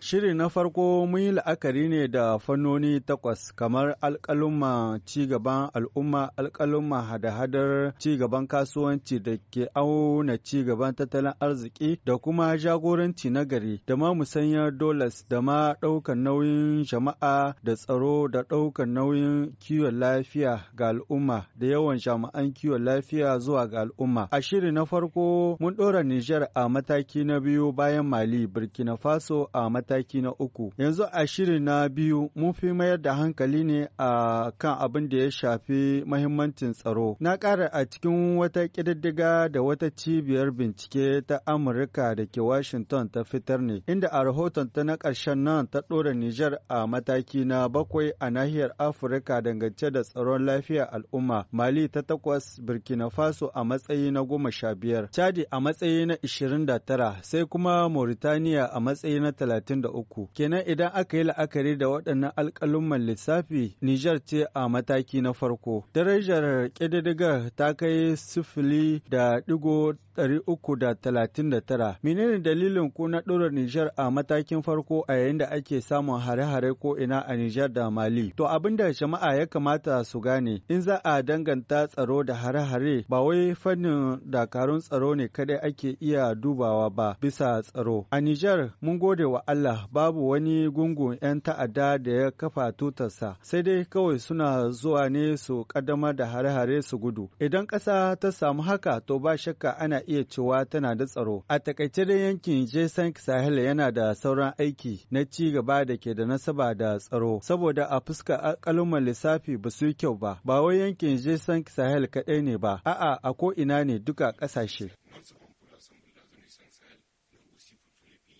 Shiri na farko mun yi la'akari ne da fannoni takwas kamar alƙalumma cigaban al'umma alƙalumma hada-hadar cigaban kasuwanci da ke auna cigaban tattalin arziki da kuma jagoranci nagari, gari da ma musanyar dolas da ma ɗaukar nauyin jama'a da tsaro da ɗaukar nauyin kiwon lafiya ga al'umma da yawan jama'an kiwon lafiya zuwa ga al'umma. A shiri na farko mun ɗora Nijar a mataki na biyu bayan Mali, Burkina Faso a mataki na uku. Yanzu a shirin na biyu mun fi mayar da hankali ne a kan abin da ya shafi mahimmancin tsaro. Na ƙara a cikin wata ƙididdiga da wata cibiyar bincike ta Amurka da ke Washington ta fitar ne, inda a rahoton ta na ƙarshen nan ta ɗora Nijar a mataki na bakwai a nahiyar Afirka dangance da tsaron lafiya al'umma, Mali ta takwas, Burkina Faso a matsayi na goma sha biyar, Chadi a matsayi na ishirin da tara, sai kuma Mauritania a matsayi na 33. Kenan idan aka yi la'akari da waɗannan alƙalumman lissafi, Nijar ce a mataki na farko. Darajar ƙididdigar ta kai sifili da ɗigo tara Menene dalilin ku na ɗora Nijar a matakin farko a yayin da ake samun hare-hare ko ina a Nijar da Mali? To abin da jama'a ya kamata su gane, in za a danganta tsaro da hare-hare ba wai fannin dakarun tsaro ne kadai ake iya dubawa ba bisa tsaro. A Nijar mun gode wa wa Allah babu wani gungun 'yan ta'adda da ya kafa tutarsa, sai dai kawai suna zuwa ne su kaddamar da hare-hare su gudu. Idan ƙasa ta samu haka to ba shakka ana iya cewa tana da tsaro. A takaice dai yankin Jason Sahel yana da sauran aiki na ci gaba da ke da nasaba da tsaro, saboda a fuska alƙaluman lissafi ba su yi kyau ba, ba wai yankin Jason Sahel kaɗai ne ba, a'a a ko ina ne duka ƙasashe.